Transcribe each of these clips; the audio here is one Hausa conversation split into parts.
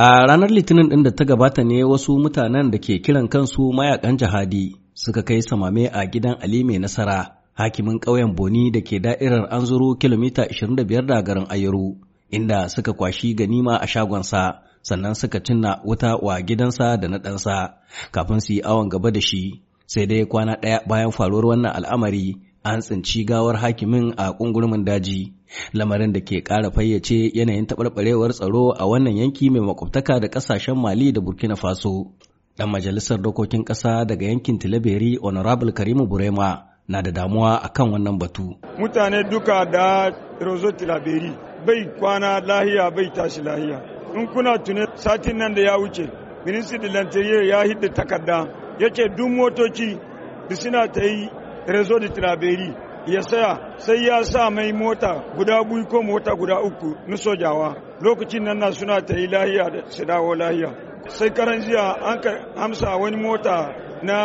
A ranar Litinin ɗin da ta gabata ne wasu mutanen da ke kiran kansu mayakan jihadi suka kai samame a gidan Ali mai nasara, hakimin ƙauyen Boni da ke da'irar an zuru kilomita 25 da garin Ayaru, inda suka kwashi ganima a shagonsa, sannan suka cinna wuta wa gidansa da na ɗansa, kafin su yi awon gaba da shi. Sai dai kwana ɗaya bayan faruwar wannan al'amari, an tsinci gawar hakimin a ƙungurmin daji. lamarin da ke ƙara fayyace yanayin taɓarɓarewar tsaro a wannan yanki mai makwabtaka da ƙasashen mali da burkina faso ɗan majalisar dokokin ƙasa daga yankin tilaberi honorable karimu burema na da damuwa a kan wannan batu mutane duka da rozo tilaberi bai kwana lahiya bai tashi lahiya in kuna tune satin nan da ya wuce ministan lantarki ya hidda takarda yake duk motoci da suna ta yi rezo da tilaberi ya saya sai ya sa mai mota guda biyu ko mota guda uku na sojawa lokacin nan na suna ta yi lahiya da su dawo lahiya sai karan jiya an ka amsa wani mota na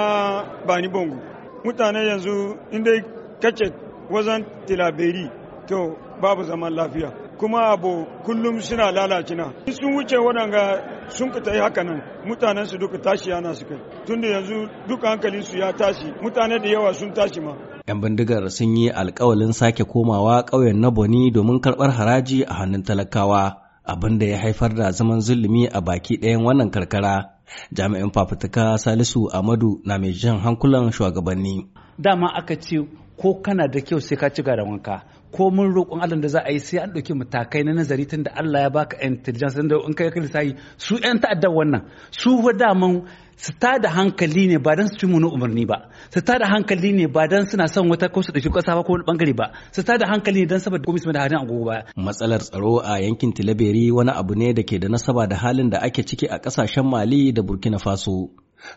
bani bongo mutane yanzu inda kace wajen tilaberi to babu zaman lafiya kuma abu kullum suna lalacina sun wuce waɗanga sun fita yi haka nan mutanen duka tashi yana su kai tunda yanzu duka hankalinsu ya tashi mutane da yawa sun tashi ma 'yan bindigar sun yi alkawalin sake komawa ƙauyen na Boni domin karɓar haraji a hannun talakawa, abin da ya haifar da zaman zulumi a baki ɗayan wannan karkara. Jami'in fafutuka Salisu Amadu na mai jan hankulan shugabanni. Dama aka ce ko kana da kyau sai ka ci gada wanka Ko mun roƙon Allah da za a yi sai an ɗauki matakai na nazari tun da Allah ya baka intelligence tun da in kai lissafi su 'yan ta'addar wannan su fa daman su ta da hankali ne ba don su ci munu umarni ba su ta da hankali ne ba don suna son wata ko su ɗauki kasa ba ko wani bangare ba su ta da hankali ne don saboda komai su da hadin agogo ba. matsalar tsaro a yankin tilaberi wani abu ne da ke da nasaba da halin da ake ciki a ƙasashen mali da burkina faso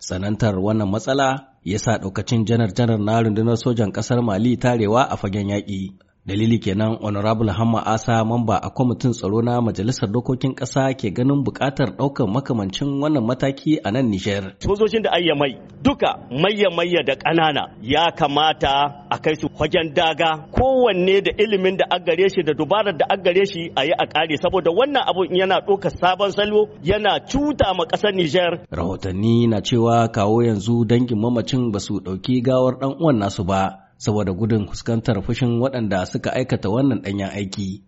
tsanantar wannan matsala ya sa ɗaukacin janar-janar na rundunar sojan ƙasar mali tarewa a fagen yaƙi Dalili kenan Honorable Hamma Asa mamba a kwamitin tsaro na Majalisar Dokokin Ƙasa ke ganin buƙatar ɗaukar makamancin wannan mataki a nan Nijar. Sojojin da ayya mai duka mayya mayya da ƙanana ya kamata a kai su wajen daga kowanne da ilimin da an shi da dubarar da an shi a yi a ƙare saboda wannan abu yana ɗaukar sabon salo yana cuta ma ƙasar Nijar. Rahotanni na cewa kawo yanzu dangin mamacin ba su ɗauki gawar ɗan uwan nasu ba. saboda gudun fuskantar fushin waɗanda suka aikata wannan ɗanyen aiki.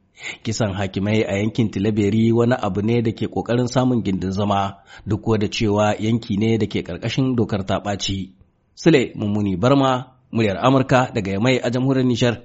Kisan hakimai a yankin Tilaberi wani abu ne da ke ƙoƙarin samun gindin zama duk da cewa yanki ne da ke ƙarƙashin dokar ta ɓaci. Sule Mummuni Barma, muryar Amurka daga Yamai a jamhuriyar Nijar.